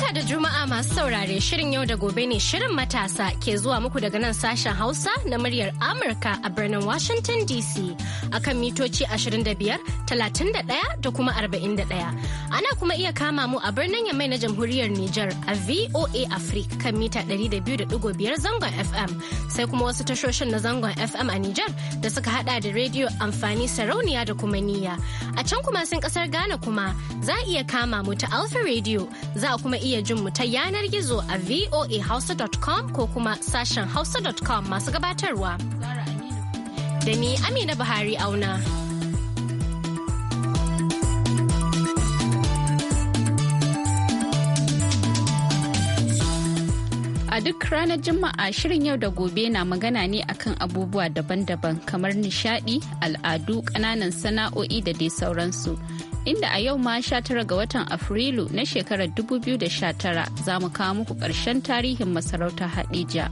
Barka da Juma'a masu saurare shirin yau da gobe ne shirin matasa ke zuwa muku daga nan sashen Hausa na muryar Amurka a birnin Washington DC akan mitoci 25, 31 da kuma 41. Ana kuma iya kama mu a birnin Yamai na Jamhuriyar Nijar a VOA Africa kan mita 200.5 zangon FM sai kuma wasu tashoshin na zangon FM a Nijar da suka hada da rediyo amfani sarauniya da kuma niyya. A can kuma sun kasar Ghana kuma za a iya kama mu ta Alpha Radio za a kuma iya iya jin mu ta yanar gizo a voahausa.com ko kuma sashen hausa.com masu gabatarwa. Da ni Amina Buhari auna. A duk ranar Juma'a shirin yau da gobe na magana ne akan abubuwa daban-daban kamar nishadi, al'adu, ƙananan sana'o'i da dai sauransu. inda a yau ma 19 ga watan Afrilu na shekarar 2019 za mu kawo muku ƙarshen tarihin masarautar Hadija.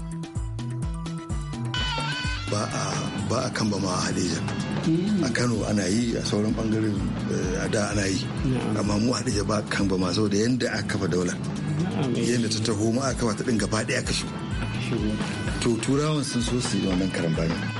Ba a ba a kan ba ma Hadija. Hmm. A Kano ana yi a sauran bangaren eh, a da ana yi. Amma mu Hadija ba kan ba ma saboda yadda aka kafa daular. Eh. Yadda ta taho ma aka kafa ta ɗin gaba ɗaya aka shigo. To turawan sun so su yi wannan karambani.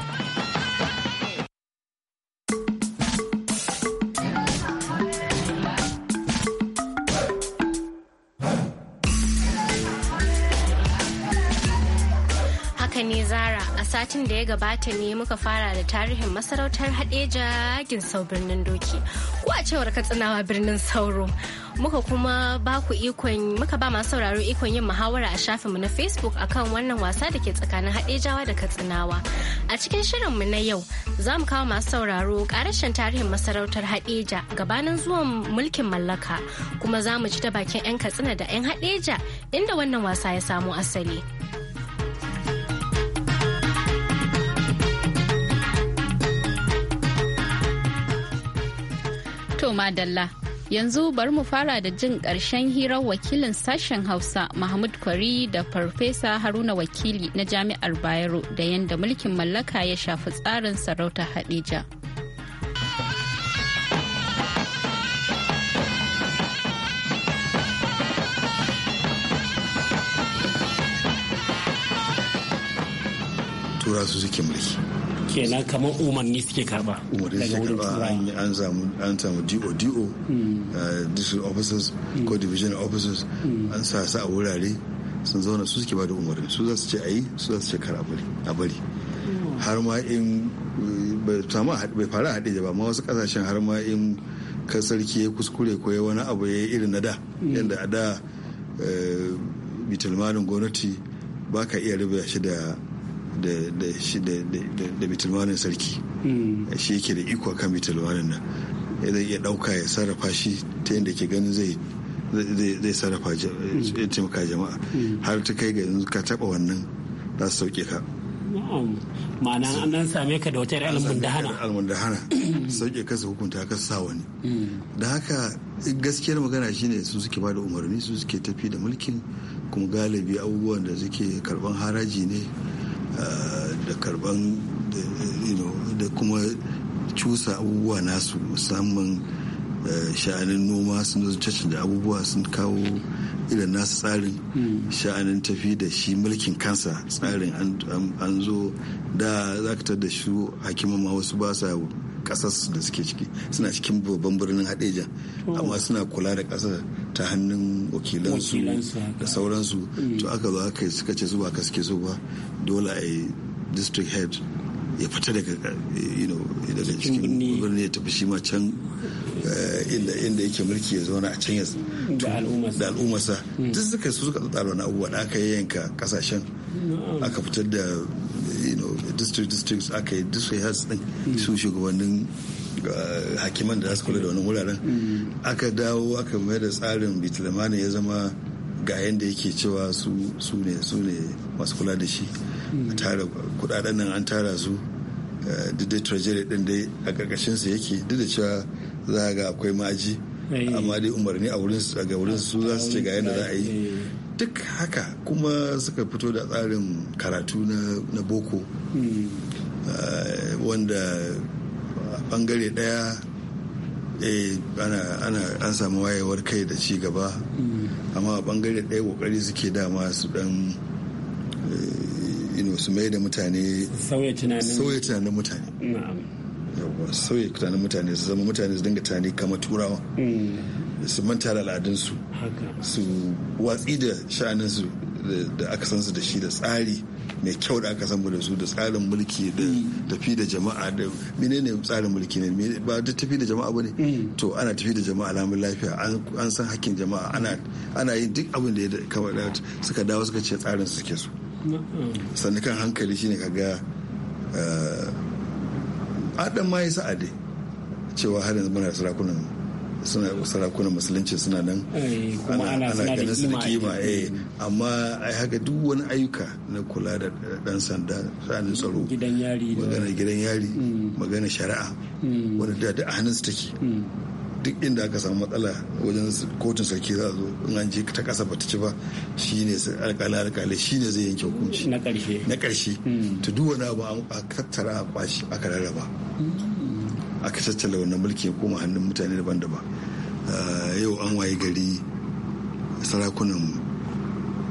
Haka ne Zara a satin da ya gabata ne muka fara da tarihin masarautar Hadeja sau birnin doki. Ko a cewar katsinawa birnin sauro. Muka kuma ba ku ikon muka ba masu sauraro ikon yin muhawara a shafinmu na Facebook akan wannan wasa da ke tsakanin Hadejawa da Katsinawa. A cikin shirinmu na yau za mu kawo masu sauraro karashen tarihin masarautar Hadeja gabanin zuwan mulkin mallaka kuma za mu ci da bakin 'yan Katsina da 'yan Hadeja inda wannan wasa ya samo asali. To Madalla, yanzu bari mu fara da jin ƙarshen hirar wakilin sashen Hausa Mahmud Kwari da Farfesa Haruna Wakili na Jami'ar Bayero da yadda mulkin mallaka ya shafi tsarin sarauta Hadija. Tura su suke mulki. kenan kamar umarni suke karba umarni suke karba an samu an samu do do mm. uh, district officers ko mm. division officers mm. an sa su a wurare sun zauna su suke ba da umarni su za su ce ayi su za su ce kar a bari har ma in bai fara haɗe ba ma wasu kasashen har ma in ka sarki ya kuskure ko ya wani abu ya irin na da yadda a da bitulmanin uh, gwamnati ba ka iya rubuta shi da da bitulmanin sarki mm. shi yake da iko kan bitulmanin nan eh, zai iya ɗauka ya sarrafa shi ta yadda ke ganin zai zai sarrafa ya mm. taimaka jama'a mm. har ta kai ga yanzu ka taɓa wannan za su sauke ka ma'ana an same ka da wata yar almundahana almundahana sauke kasa hukunta ka sa wani da haka gaskiyar magana shine su suke bada umarni su suke tafi da mulkin kuma galibi abubuwan da suke karban haraji ne da karban da kuma cusa abubuwa nasu musamman sha'anin noma sun zo cacin da abubuwa sun kawo irin nasu tsarin hmm. sha'anin tafi da shi mulkin kansa tsarin an zo da zakatar da shi hakiman ma wasu ba sa su da suke ciki suna cikin babban birnin hadeja amma suna kula da kasar ta hannun wakilansu da sauransu mm. to aka zo aka suka ce su ba ka suke so ba dole a district head ya fita daga daga cikin birnin ya tafi shi ma can eh, inda yake mulki ya zauna a can ya da al'ummasa mm. duk suka su suka tsara wani abubuwa da aka yanka kasashen aka fitar da district districts aka yi district health din su shugabannin eh, hakiman da za su kula da wani wuraren mm. aka dawo aka mai da tsarin bitlamani ya zama ga yadda yake cewa su ne masu kula da shi a mm. tara kudaden nan an tara su eh, duk da treasury din dai a karkashin sa yake duk da cewa za a ga akwai ma'aji eh. amma dai umarni a wurin su ga wurin su za su ce ga yadda za a yi duk haka kuma suka fito da tsarin karatu na boko eh, wanda bangare daya eh, an samu wayewar kai da ci gaba amma a bangare daya kokari suke dama su dan eh, su mai da mutane sauya tunanin mutane sauya tunanin mutane su zama mutane su dinga tunani kama turawa mm. su manta da al'adunsu su watsi da sha'aninsu da aka san su da shi da tsari mai kyau da aka san mu da su da tsarin mulki da mm. tafi da jama'a da menene tsarin mulki ne ba da tafi da jama'a bane mm. to ana tafi da jama'a lamun lafiya an san hakkin jama'a ana ana yin duk abin da ya kama suka dawo suka ce tsarin suke su sannan kan hankali shine kaga eh, Adam ma yi sa'a cewa har yanzu muna sarakunan suna sarakunan musulunci suna nan eh, ana ganin su da kima eh. amma ai haka duk wani ayyuka na kula da dan sanda tsanin tsaro magana gidan yari mm. magana shari'a mm. wanda da da hannun su take mm. duk inda aka samu matsala wajen kotun sarki za zo in an je ta kasa bata ci ba shine alkali alkali shine zai yanke hukunci na karshe na karshe to duk wani abu a tattara a kwashi aka rarraba aka tattala wannan mulki ya koma hannun mutane daban-daban eh, yau an waye gari sarakunan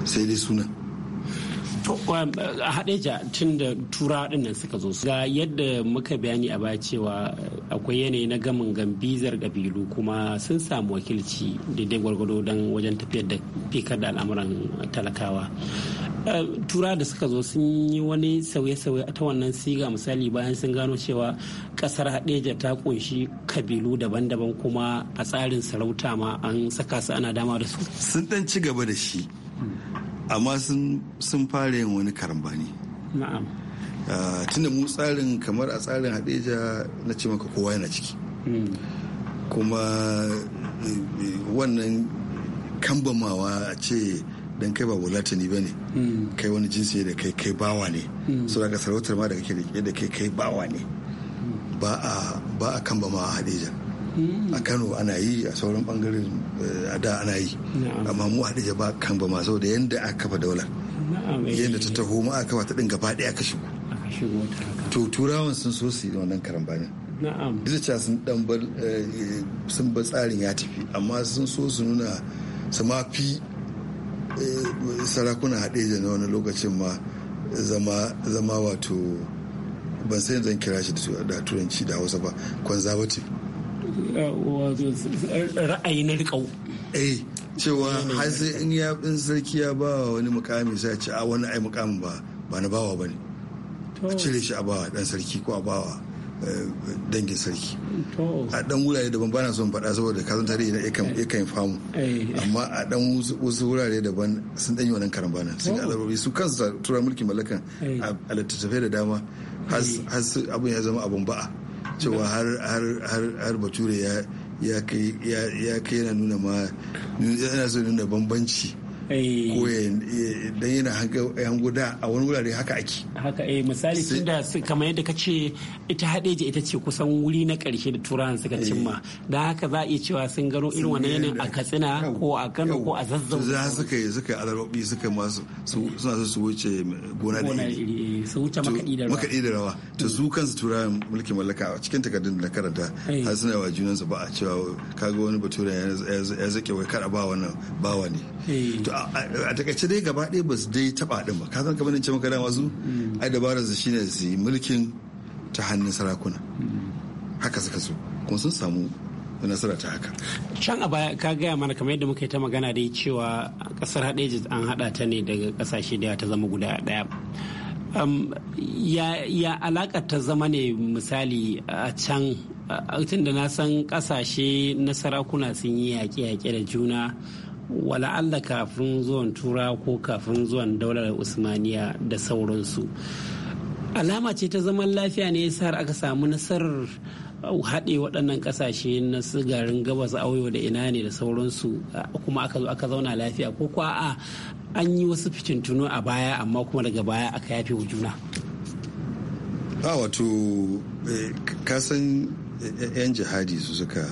sai dai suna um, a ja tun da tura ɗin nan suka zo ga yadda muka bayani a baya cewa akwai yanayi na gamin gambizar ƙabilu kuma sun samu wakilci daidai gwargwado don wajen tafiyar da fikar da al'amuran talakawa tura da suka zo sun yi wani sauye-sauye ta wannan siga misali bayan sun gano cewa kasar hadeja ta kunshi kabilu daban-daban kuma a tsarin sarauta ma an saka su ana dama da su sun dan ci gaba da shi amma sun fara yin wani karambani na'am ah, tunda mu tsarin kamar a tsarin hadeja na ce maka kowa yana ciki hmm. kuma eh, eh, wannan kambamawa a ce dan kai ba wulatani ba ne hmm. kai wani jinsi da kai kai bawa ne hmm. so daga sarautar ma da kake da kai kai bawa ne hmm. ba a ba a kan ba ma hadija a kano ana yi a sauran bangaren eh, a da ana yi amma mu hadija ba kan ba ma saboda yanda aka kafa daular eh. yadda ta taho ma aka kafa ta din gaba daya aka shigo to turawan sun so su yi wannan karambanin na'am ce sun dan eh, sun ba tsarin ya tafi amma sun so su nuna su ma fi Eh, sarakuna haɗe na wani lokacin ma zama wato ban sai zan kira shi da turanci da hausa ba conservative ra'ayi na riƙau eh cewa har sai in ya in sarki ya ba wani mukami sai ce a wani ai mukamin ba ba na bawa bane a cire shi a bawa dan sarki ko a bawa dangin sarki a dan wurare daban bana son faɗa saboda kasan tarihi na ikan eh. famu eh. amma a dan wasu wurare daban sun danyi wannan karambana sun ga oh. su kansu tura mulkin mallakan eh. a littattafai da dama har abin ya zama abin ba'a cewa har bature ya kai yana nuna ma yana so nuna bambanci Eh. ko dan yana hango da a wani wurare haka ake haka eh misali da kamar yadda ka ce ita hadeji ita ce kusan wuri na karshe da turan suka eh. cimma da haka za a iya cewa sun gano irin wannan yanayin a katsina ko a kano ko a zazzau za suka yi suka alarobi suka masu suna so su wuce gona da iri eh, su wuce makaɗi da rawa to mm. su kansu turan mulkin mallaka a cikin takardun da karanta har suna wa junansu ba a cewa kaga wani bature ya zake wai kar a ba wannan bawa ne to a takaice dai gaba ɗaya ba su dai taɓa ɗin ba ka san kamar ce maka dama su mm. ai dabarar su shine su yi mulkin ta hannun sarakuna mm. haka suka so kuma sun samu nasara ta haka. Can a baya ka gaya mana kamar yadda muka yi ta magana dai cewa kasar haɗeji an haɗa ta ne daga ƙasashe da ta zama guda ɗaya. Um, ya, ya alaƙa ta zama ne misali a can tun da na san ƙasashe na sarakuna sun yi yaƙe-yaƙe da juna wala'alla kafin zuwan tura ko kafin zuwan daular usmaniya da sauransu alama ce ta zaman lafiya ne yasa aka samu nasarar uh, haɗe waɗannan ƙasashe na sigarin gabas auyo da ina ne da sauransu uh, kuma aka zo aka zauna lafiya ko kuwa a an yi wasu fitintunu a baya amma kuma daga baya aka yafe wa juna a ah, wato eh, kasan eh, eh, 'yan jihadi su suka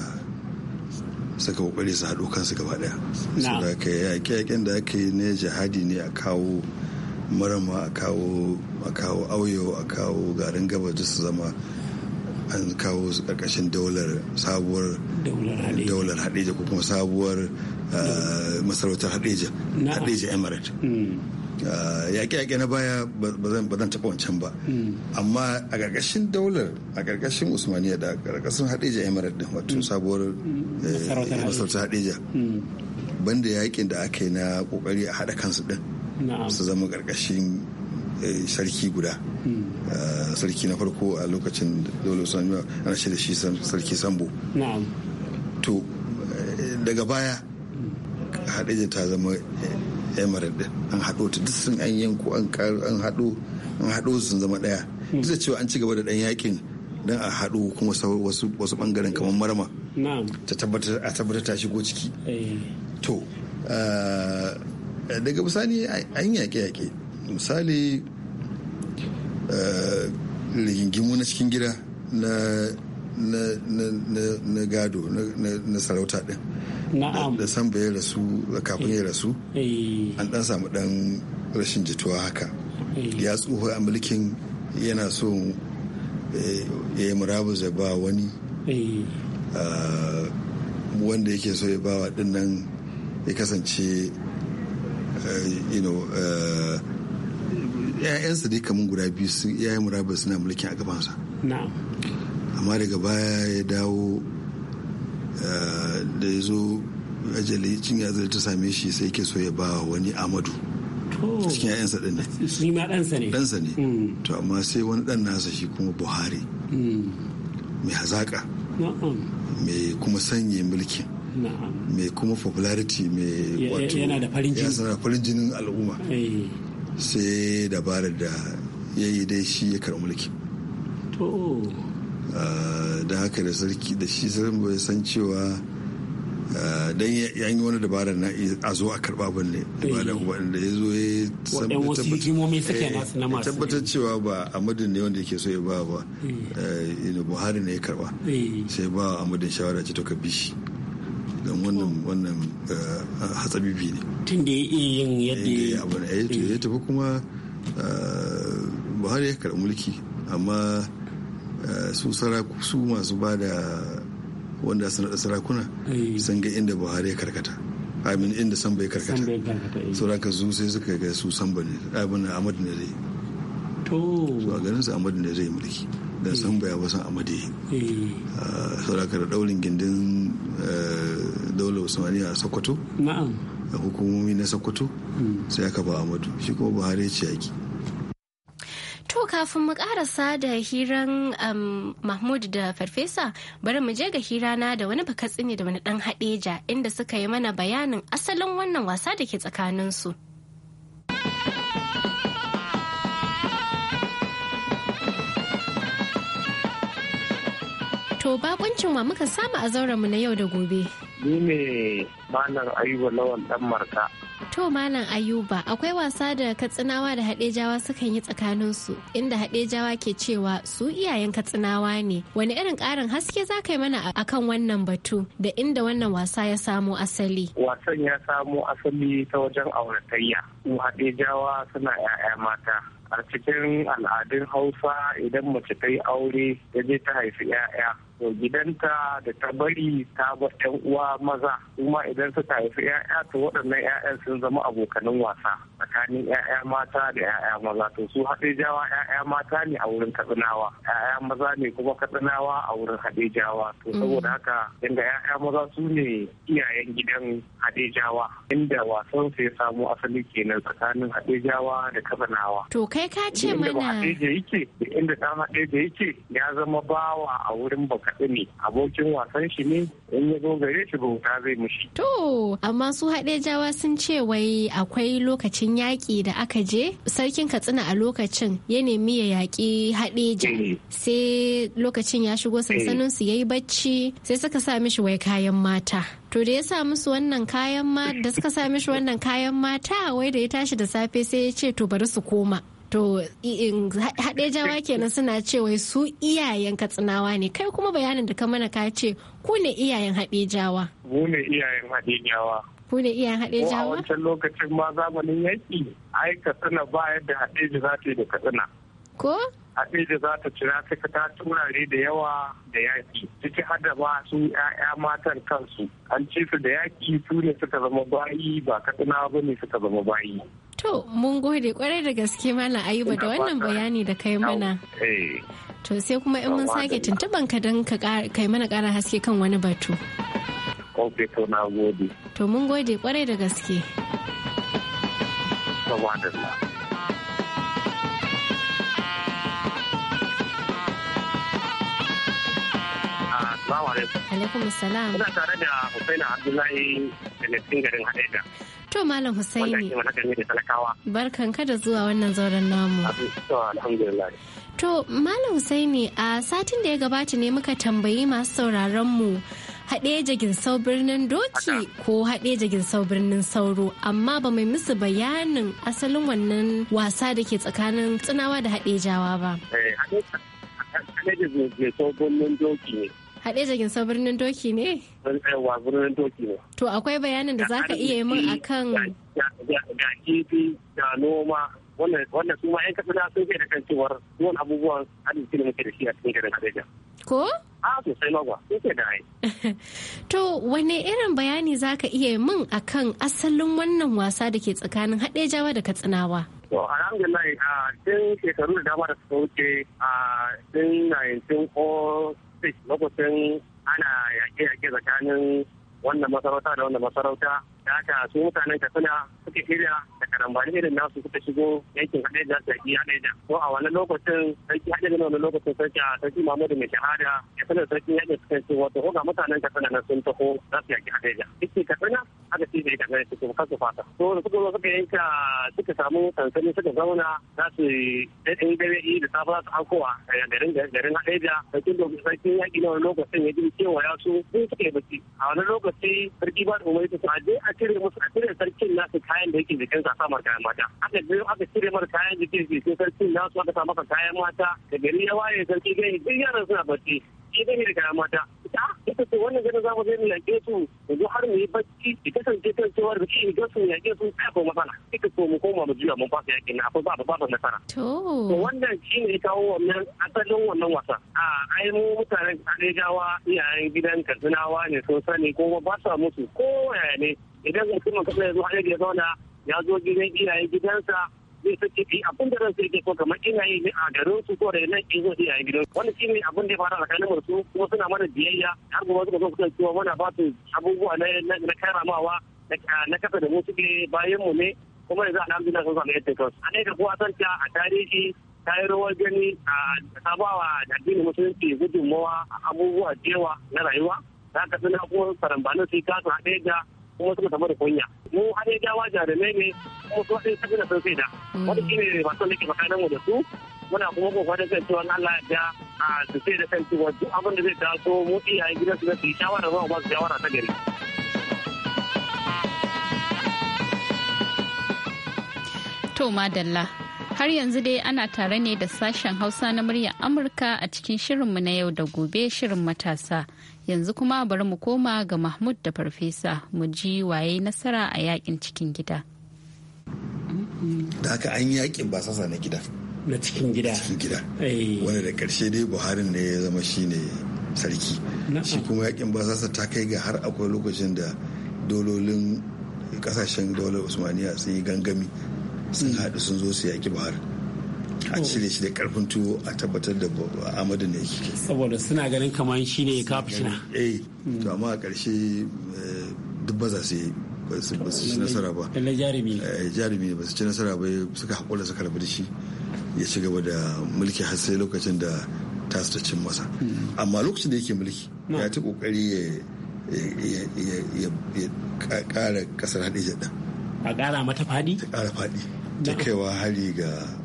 suka kokari su haɗu kansu gaba ɗaya saboda yi yaƙe-yaƙen da ake ne jihadi ne a kawo marama a kawo a kawo auyo a kawo garin gaba duk su zama an kawo su ƙarƙashin daular sabuwar daular hadeja ko kuma sabuwar eh, masarautar hadeja hadeja emirate mm. Ah, yaƙe-yaƙe na baya ba zan taɓa wancan ba hmm. amma a ƙarƙashin daular a ƙarƙashin usmaniya da ƙarƙashin hadeja emirat din wato hmm. sabuwar eh, masarautar hadeja hmm. banda yaƙin da aka yi na ƙoƙari a haɗa kansu din su zama ƙarƙashin eh, sarki guda ah, sarki na farko a lokacin dole usmaniya ana shi da shi sarki sambo to eh, daga baya hadeja ta zama emirat din an haɗo ta duk sun an yanko an haɗo an haɗo sun zama ɗaya hmm. duk da cewa an ci gaba da ɗan yakin don a haɗo kuma wasu wasu bangaren kamar marama ta a tabbatar ta shigo ciki eh. to eh, daga misali an yaƙe-yaƙe misali eh, rigingimu na cikin gida na na gado na sarauta din da san ya rasu kafin ya rasu eh. an dan samu dan rashin jituwa haka eh. ya tsoho a mulkin yana so eh, ya yi murabus ba wani ah, wanda yake so ya bawa din nan ya kasance yayansa dai kamun guda biyu sun yi murabus suna mulkin a gabansa amma daga baya ya dawo eh, da ya zo ajali cin ya ta same shi sai ke so ya ba wani amadu cikin yayansa ɗin ne shi ma ɗansa ne ɗansa ne mm. to amma sai wani ɗan nasa shi kuma buhari mm. mai hazaƙa mai kuma sanye mulkin mai kuma popularity mai wato yana da farin jinin al'umma eh. sai dabarar da ya yi dai shi ya karɓi mulki Eh, da haka da sarki da shi sarki bai san cewa eh, dan ya yi wani dabara na a zo a karba ban ne wanda eh. ya zo ya tabbatar cewa ba amadin ne wanda yake so ya ba ba hmm. ina buhari ne ya karba sai ba amadin shawara ce to ka bi shi don wannan wannan hatsabibi ne tun da ya iya yin yadda ya tafi kuma buhari ya karɓi mulki amma Eh, su su masu ba da wanda sarakuna eh. sun ga inda buhari ya karkata amin inda san bai karkata sauran ka zu sai suka ga su san bane abin amadu ne zai to a ganin su amadu ne zai mulki dan san bai ba san amadu sauran ka da eh. ah, daulin gindin daular usmaniya a sokoto na'am hukumomi na sokoto hmm. sai aka ba amadu shi kuma buhari ya ci yaki kafin mu karasa da hiran um, Mahmud da Farfesa bari mu je ga na da wani bakatsini da wani dan haɗeja inda suka yi mana bayanin asalin wannan wasa da ke tsakaninsu. su. To bakuncin wa muka samu a zauren mu na yau da gobe. Ni ne Malam Ayuba Lawan dan Marka. To Malam Ayuba akwai wasa da Katsinawa da haɗejawa sukan yi tsakanin su inda haɗejawa ke cewa su iyayen Katsinawa ne. Wani irin ƙarin haske za ka yi mana akan wannan batu da inda wannan wasa ya samo asali. Wasan ya samo asali ta wajen auratayya. Hadejawa suna 'ya'ya mata. a cikin al'adun hausa idan mace ta yi aure ta je ta haifi 'ya'ya to gidanta da ta bari ta ba yan uwa maza kuma idan suka haifi ya'ya to waɗannan ya'yan sun zama abokanin wasa tsakanin ya'ya mata da ya'ya maza to su jawa ya'ya mata ne a wurin katsinawa ya'ya maza ne kuma katsinawa a wurin hadejawa to mm. saboda haka inda ya'ya maza su ne iyayen gidan jawa inda wasan su ya samu asali kenan tsakanin jawa da kaɗinawa. to kai ka ce mana inda ba yake inda ɗan haɗeja yake ya zama bawa a wurin babba kaɗe ne abokin wasan shi ne in ya zo gare shi bauta zai mushi. To amma su jawa sun ce wai akwai lokacin yaƙi da aka je sarkin Katsina a lokacin ya nemi ya yaƙi haɗeja eh. sai lokacin ya shigo eh. sansanin su yayi bacci sai suka sa mishi wai kayan mata. To da ya sa musu wannan kayan mata da suka sa mishi wannan kayan mata wai da ya tashi da safe sai ya ce to bari su koma. To haɗe jawa kenan suna cewa su iyayen katsinawa ne kai kuma bayanin da ka mana ka ce ku ne iyayen haɗe jawa. Mu ne iyayen haɗe jawa. Ku ne iyayen haɗe jawa? Ko a wancan lokacin ma zamanin yaƙi ai katsina ba yadda haɗe ji za ta yi da katsina. Ko? Haɗe ji za ta cira ta ta turare da yawa da yaƙi ciki hada ba su ‘ya'ya matan kansu an ci su da yaƙi su ne suka zama bayi ba katsinawa ba ne suka zama bayi. To, mun gode kwarai da gaske Malam Ayuba da wannan bayani da kai mana. Eh. To sai kuma in mun sake tuntuban ka don ka kai mana ƙara haske kan wani batu. to na gode. To mun gode kwarai da gaske. Allah. Salamu alaikum. Alaikum salam. Ina tare da Husaina Abdullahi da Nessin garin Hadeja. To Malam Husaini. Wanda ke mana da talakawa. Barkan kada zuwa wannan zauren namu. Alhamdulillah. To Malam Hussaini, a satin da ya gabata ne muka tambayi masu sauraron mu haɗeja ginsau birnin doki ko haɗeja ginsau birnin sauro amma ba mai musu bayanin asalin wannan wasa da ke tsakanin tsinawa da haɗejawa ba. Eh, haɗeja ginsau birnin doki ne. Hadeja Ginsa birnin Doki ne? Yawa birnin Doki ne. To akwai bayanin da za ka iya min kan. ga kifi da noma wannan su ma 'yan kasa sun ke da kan cewar yawan abubuwan arziki da muke da shi a cikin garin Abuja. Ko? A sosai magwa, sun ke da To wane irin bayani za ka iya min kan asalin wannan wasa da ke tsakanin jawa da Katsinawa? To alhamdulillah a cikin shekaru da dama da suka wuce a cikin 19 fish lokacin ana yaƙe-yaƙe tsakanin wannan masarauta da wannan masarauta da haka su mutanen katsina suke shirya da karambani irin nasu suka shigo yankin hadeja sarki hadeja ko a wani lokacin sarki hadeja na wani lokacin sarki a sarki mahmudu mai shahada ya sanar sarki hadeja suka ce wato ko ga mutanen ka sanana sun taho za su yaki hadeja ike katsina aka ce bai katsina su kuma kansu fata to da suka zo suka yanka suka samu sansani suka zauna za su yi dare da safa za su hankowa eh, garin garin hadeja sarkin domin sarkin yaki na wani lokacin ya ji cewa ya su sun suke yi bacci a wani lokaci sarki ba da umarni su a je a cire musu a cire sarkin nasu kayan da yake jikinsa sa mata kayan mata aka biyo aka cire mata kayan jikin shi sai sarkin nasu aka sa maka kayan mata da gari ya waye sarki gani duk yaran suna bacci shi gani da kayan mata ita ce wannan gani za mu zai mu yaƙe su yanzu har mu yi bacci da kasance kan cewar da shi gasu mu yaƙe su ta ko matsala ita ko mu koma mu juya mun fasa yaƙin akwai babu babu nasara. to wannan shi ne kawo wannan asalin wannan wasa a ai mu mutanen kadejawa iyayen gidan katsinawa ne sun sani ko ba sa musu ko yaya ne idan mutumin kasa ya zo har ya zauna ya zo gidan iyaye gidansa zai sake fi abin da zai ke ko kamar iyaye ne a garin su ko daga nan in zo iyaye gidan wani shi ne abin da ya fara tsakanin su kuma suna mana biyayya har gobe suka zo kusan cewa muna ba su abubuwa na karamawa na kasa da mu suke bayan mu ne kuma yanzu alhamdulillah sun samu yadda kansu a ka kuwa san ta a tarihi ta yi rawar gani a sabawa addinin musulunci gudunmawa a abubuwa da yawa na rayuwa za ka suna kuma sarambanin su yi kasu a ɗaya da kuma suka samu da kunya mu har ya jawa jarumai ne kuma su waɗanda tafi da sun sai da mm. wani shi ne masu son nake makanan mu da su muna kuma kokarin kan cewa Allah ya ja a su sai da kan cewa duk abin da zai taso mu iyayen gidan su na su yi shawara ba ba su shawara ta gari. To madalla Har yanzu dai ana tare ne da sashen Hausa na muryar Amurka a cikin shirinmu na yau da gobe shirin matasa. yanzu kuma bari mu koma ga mahmud da farfesa mu ji waye nasara a yakin cikin gida da aka an yakin ba sasa na gida na cikin gida cikin gida eh. wanda da karshe dai buhari ne ya zama shine sarki shi kuma yakin ba sasa ta kai ga har akwai lokacin da dololin kasashen dole usmaniya sun yi gangami sun mm. haɗu sun zo su yaki buhari a cire shi da karfin tuwo a tabbatar da Amadu ne yake saboda suna ganin kamar shi ne ka fitina eh to amma a ƙarshe eh, duk ba za su yi ba su ci nasara ba lalle jarumi eh, jarumi ba su ci nasara ba suka haƙura suka rabu da shi ya ci gaba da mulki har sai lokacin da ta su cin masa mm. amma lokacin da yake mulki ya ta kokari ya ƙara ƙasar haɗe jaɗa a ƙara mata faɗi ta ƙara faɗi ta kaiwa hari ga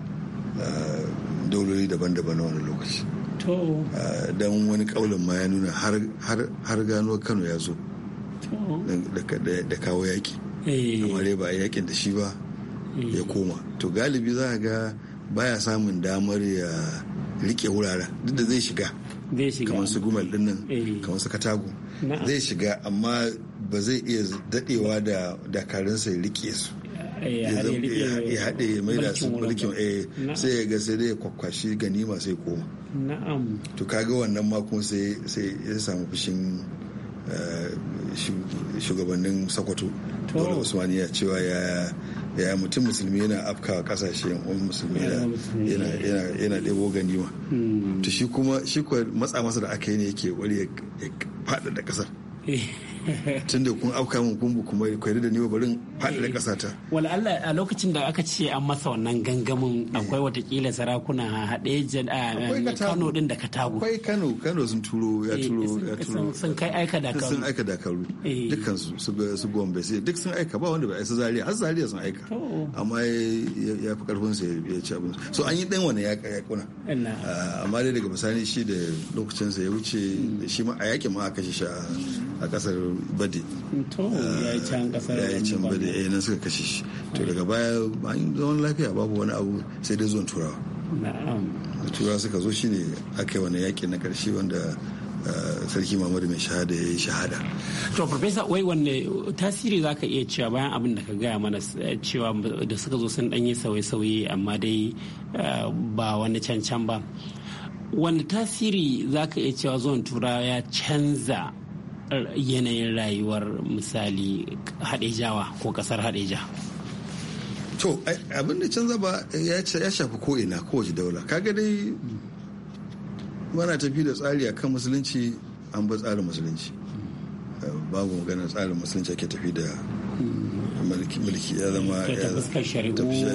Eh, dauloli daban-daban na eh, wani lokaci don wani kaulin ma ya nuna har gano kano ya zo da kawo yaki eh. amma dai ba a yakin da shi ba ya koma to galibi za a ga baya samun damar ya rike wuraren duk da zai shiga kamar su gumal dinnan kamar su katago zai shiga amma ba zai iya dadewa da dakarunsa ya rike su Eh, ya haɗe ya mai da su mulkin eh sai ya ga sai dai kwakwashi ganima sai koma na'am to kaga wannan ma kuma sai sai ya samu fushin eh, shugabannin Sokoto dole ya cewa ya ya mutum musulmi yana afka kasashe yan musulmi yana ɗebo ganima hmm. to shi kuma shi matsa masa da aka yi ne yake wani ya faɗaɗa ƙasar eh. tun da kun auka mun kun kuma kwairi da ni barin faɗaɗa eh. ƙasa ta. Wala Allah a lokacin da aka ce an masa wannan gangamin eh. akwai watakila sarakuna haɗe eh, Kano din da Katago. Akwai Kano Kano sun turo ya turo ya turo. Sun kai aika dakaru. Sun aika dakaru. Dukkan su su Gombe sai duk sun aika ba wanda ba isa Zaria har Zaria sun aika. Amma ya fi karfin sa ya ci abin. So an yi ɗan wani ya kuna. Ah, amma dai daga misali shi da lokacin sa ya wuce mm. shi ma a yakin ma aka shi a kasar bade ya yi can kasar ah, ya can eh, nan suka kashe shi to daga baya an zaman lafiya babu wani abu sai dai zuwan turawa da turawa suka zo shine aka yi wani yaƙi na ƙarshe wanda ah, sarki mamadu mai shahada ya yi shahada. to professor wai wanne tasiri za ka iya cewa bayan abin da ka gaya mana eh, cewa da suka zo sun ɗanyi sauye-sauye amma dai ah, ba wani cancan ba wani tasiri za ka iya cewa zuwan turawa ya canza yanayin rayuwar misali hadejawa ko kasar hadeja to abin da canza ba ya shafi ko'ina kowace daula kaga dai mana tafi da tsari a kan musulunci an ba tsarin musulunci babu maganar tsarin musulunci ake tafi da mulki ya zama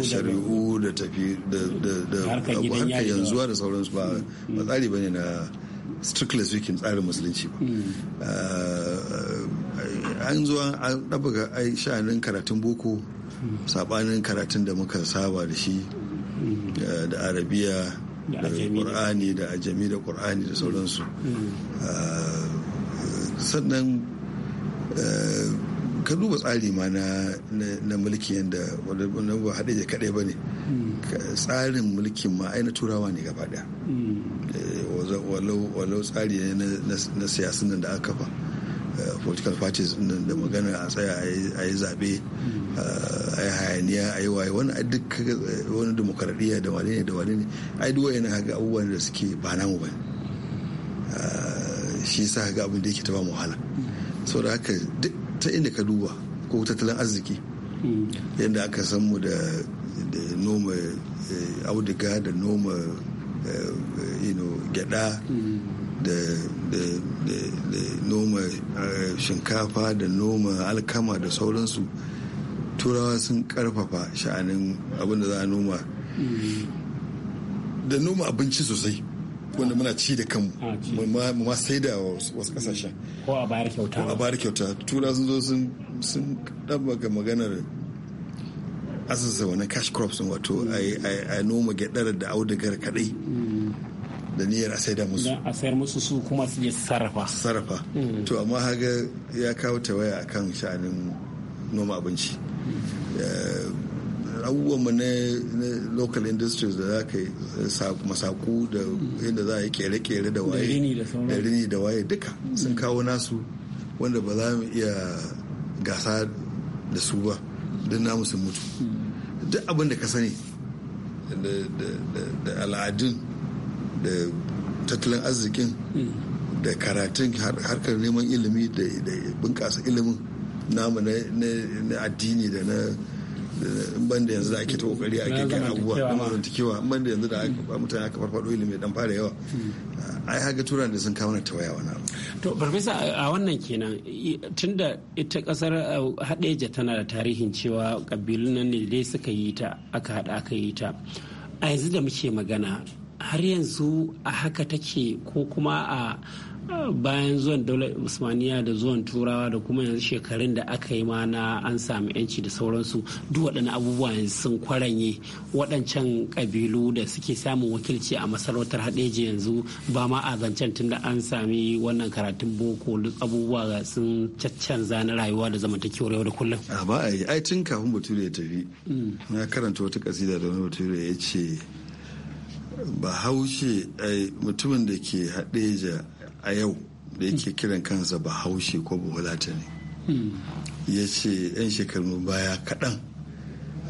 shari'u da tafi da harkar yanzuwa da sauransu ba tsari bane na strictly speaking tsarin musulunci ba eh, an zuwa an ɗabaga sha'anin karatun boko saɓanin karatun da muka saba da shi eh, da arabiya da ƙur'ani da ajami da ƙur'ani da sauransu eh, sannan ka duba tsari ma na mulki yadda wadda ba haɗe kaɗai ba ne hmm. tsarin mulkin ma ai na turawa ne gaba ɗaya hmm. walau tsari ne na siyasun da aka fa eh, political parties da magana a tsaya a yi zaɓe eh, a yi hayaniya a yi waye wani duk eh, wani demokaradiyya da wani ne da wani ne ai duwa yana haka abubuwan da suke ba na namu ba shi sa haga abin da yake ta ba mu wahala saboda haka duk ta inda ka duba ko tattalin arziki mm. yadda aka san mu da noma auduga da noma Eh, gyada mm-hmm. da noma eh, shinkafa da noma alkama da sauransu turawa sun karfafa sha'anin abin da za a noma mm-hmm. da noma abinci sosai wanda muna ci da kanmu ah, mu ma sai da wasu kasashen ko a bayar kyauta ko a bayar kyauta tura sun zo sun ɗabbaka maganar asusa wani cash crops wato mm. a noma gyaɗar da audigar kaɗai mm. da niyyar a saida musu a sayar musu su kuma su je sarrafa sarrafa mm. to amma haga ya kawo tawaya kan sha'anin noma abinci eh, abubuwanmu na local industries da za ka yi eh, masaku da yadda za a yi kere-kere da waye da rini da waye duka sun kawo nasu wanda ba za mu iya gasa da su ba da namu sun mutu duk abin da ka sani da al'adun da tattalin arzikin da karatun harkar neman ilimi da bunƙasa ilimin namu na addini da na banda yanzu da ake ta kokari ake kai abubuwa na mazantakewa banda yanzu da mutane aka farfado ilimi dan fara yawa hmm. ai haga turan da sun kawo na tawaya wani abu to farfesa a wannan kenan tunda ita kasar uh, hadeja tana da tarihin cewa kabilun nan ne dai suka yi ta aka hada aka yi ta a yanzu da muke magana har yanzu a haka take ko kuma a bayan zuwan daular usmaniya da zuwan turawa da kuma yanzu shekarun da aka yi ma na an sami yanci da sauransu duk waɗannan abubuwa sun kwaranye waɗancan ƙabilu da suke samun wakilci a masarautar haɗeji yanzu ba ma a zancen tun da an sami wannan karatun boko abubuwa sun caccanza na rayuwa da zamantakewar yau da kullum. a ba a yi ai tun kafin bature ya tafi mm. na karanta wata kasida da bature ya ce bahaushe mutumin da ke haɗeja a yau da yake kiran kansa bahaushe ko bahulata ne ya ce 'yan shekaru baya kaɗan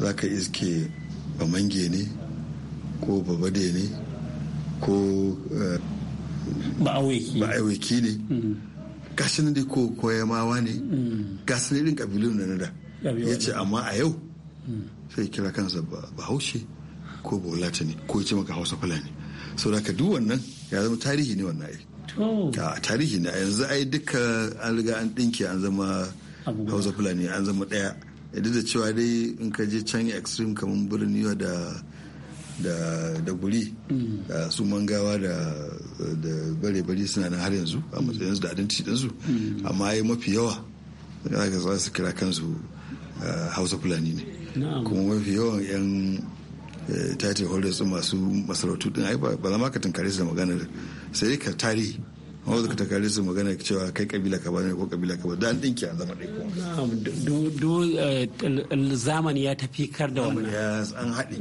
za ka iske bamange ne ko babade ne ko eh, ba'awaki ne mm. gashi na ko koyamawa ne mm. gashi na irin kabilun na nada ya ce amma a yau mm. sai kira kansa bahaushe ko bahulata ne ko ya ce maka hausa fulani sau da ka duk wannan ya zama tarihi ne wannan aiki tarihi na yanzu ai duka an riga an dinki an zama hausa fulani an zama ɗaya yadda eh, da cewa dai in ka je can extreme kamar birnin da da da guri mm. su mangawa da da bare-bare suna nan har yanzu a mm. su da din su mm. amma ai mafi yawa daga za su kira kansu eh, hausa fulani ne kuma mafi yawan 'yan eh, title holders masu masarautu din ai ba za ma ka tunkare su da maganar sai ka tarihi wanda ka takare su magana cewa kai kabila ka bane ko kabila ka bane da an dinki an zama daya ko eh, zamani ya tafi kar da wannan an haɗe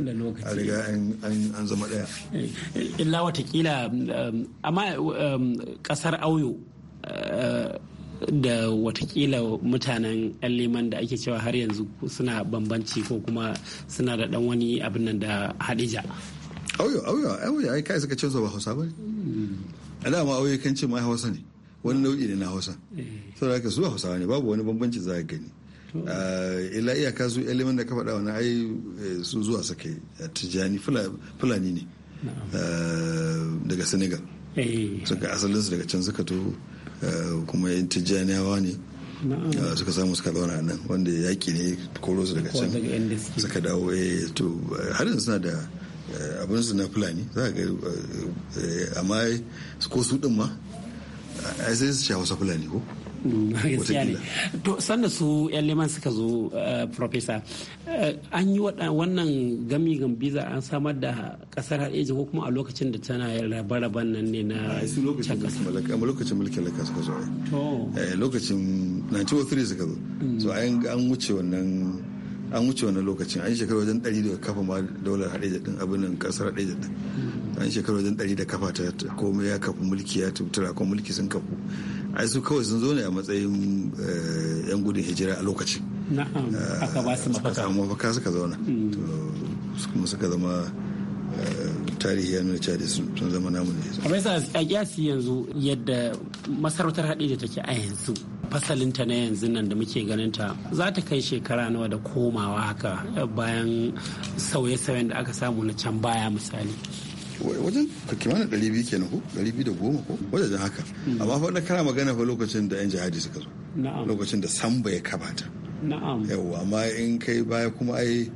a riga an zama ɗaya eh, illa watakila um, amma kasar um, auyo eh, da watakila mutanen yan liman da ake cewa har yanzu suna bambanci ko kuma suna da ɗan wani abin nan da hadija auyo auyo auyo ai kai suka canza ba hausa ba a dama auyo kan ce ma hausa ne wani nau'i ne na hausa eh. saboda haka su hausa ne babu wani bambanci za a gani ah, Ila iyaka su ilimin da ka faɗa wani ai eh, sun zuwa sake ah, tijani fulani ne ah, daga senegal eh. suka asalinsu daga can suka to kuma yan tijaniyawa ne suka samu suka zauna nan wanda yaƙi ne koro su daga can suka dawo to har yanzu suna da Eh, abin su na fulani za ga eh, amma ko su din ma eh, ai sai su sha wasa fulani ko to sanda su yan leman suka zo profesa an yi wannan gami biza an samar da kasar har ko kuma a lokacin da tana rabe-raben nan ne na can kasa lokacin mulkin laka suka zo lokacin 1903 suka zo mm. so an wuce wannan an wuce wani lokacin an shekaru wajen ɗari da kafa ma daular da ɗin abin ƙasar haɗe da ɗin an shekaru wajen ɗari da kafa ta komai ya kafu mulki ya tutura ko mulki sun kafu ai su kawai sun zo ne a matsayin eh, yan gudun hijira a lokacin na'am eh, aka ba su mafaka mafaka suka zauna mm. kuma suka zama eh, tarihi ya nuna cewa sun zama namu ne. Kamar sa a kiyasi yanzu yadda masarautar haɗe da take a yanzu fasalinta na yanzu nan da muke ganinta za ta kai shekara nawa da komawa haka bayan sauye-sauyen da aka samu na can baya misali wajen kimanin ɗari biyu kenan ko ɗari biyu da goma ko wajen haka hmm. amma fa kana magana fa lokacin da yan jihadi suka zo lokacin da samba ya kabata na'am yawwa amma in kai baya kuma ai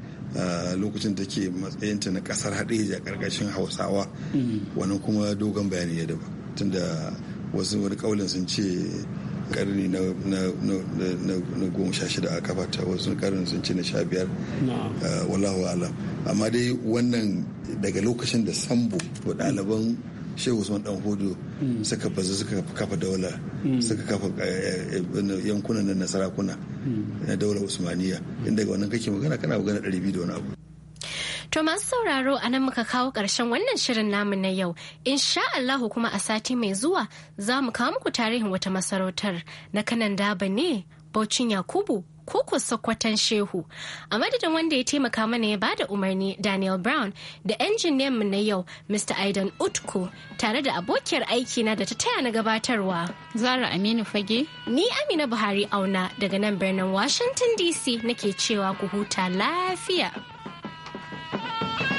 lokacin da ke matsayinta na kasar haɗe karkashin ƙarƙashin hausawa hmm. wani kuma dogon bayani ya daba tunda wasu wani kaulin sun ce karni na goma sha shida a kafata wasu karni sun ci na sha biyar eh, wallahu alam amma dai wannan daga lokacin da sambo ko ɗaliban shehu usman dan hodo mm. suka bazu suka kafa daular mm. suka kafa eh, eh, yankunan na sarakuna mm. na daular usmaniya inda ga wannan kake magana kana magana 200 da wani abu To masu sauraro a nan muka kawo ƙarshen wannan shirin namu na yau. Insha Allahu kuma a sati mai zuwa za mu kawo muku tarihin wata masarautar na kanan daba ne Baucin Yakubu koko Sokoton Shehu. A madadin wanda ya taimaka mana ya bada umarni Daniel Brown da injiniyan mu na yau Mr. Aidan Utku tare da abokiyar aiki na da ta taya na gabatarwa. Zara Aminu Fage. Ni Amina Buhari Auna daga nan birnin Washington DC nake cewa ku huta lafiya. Thank you.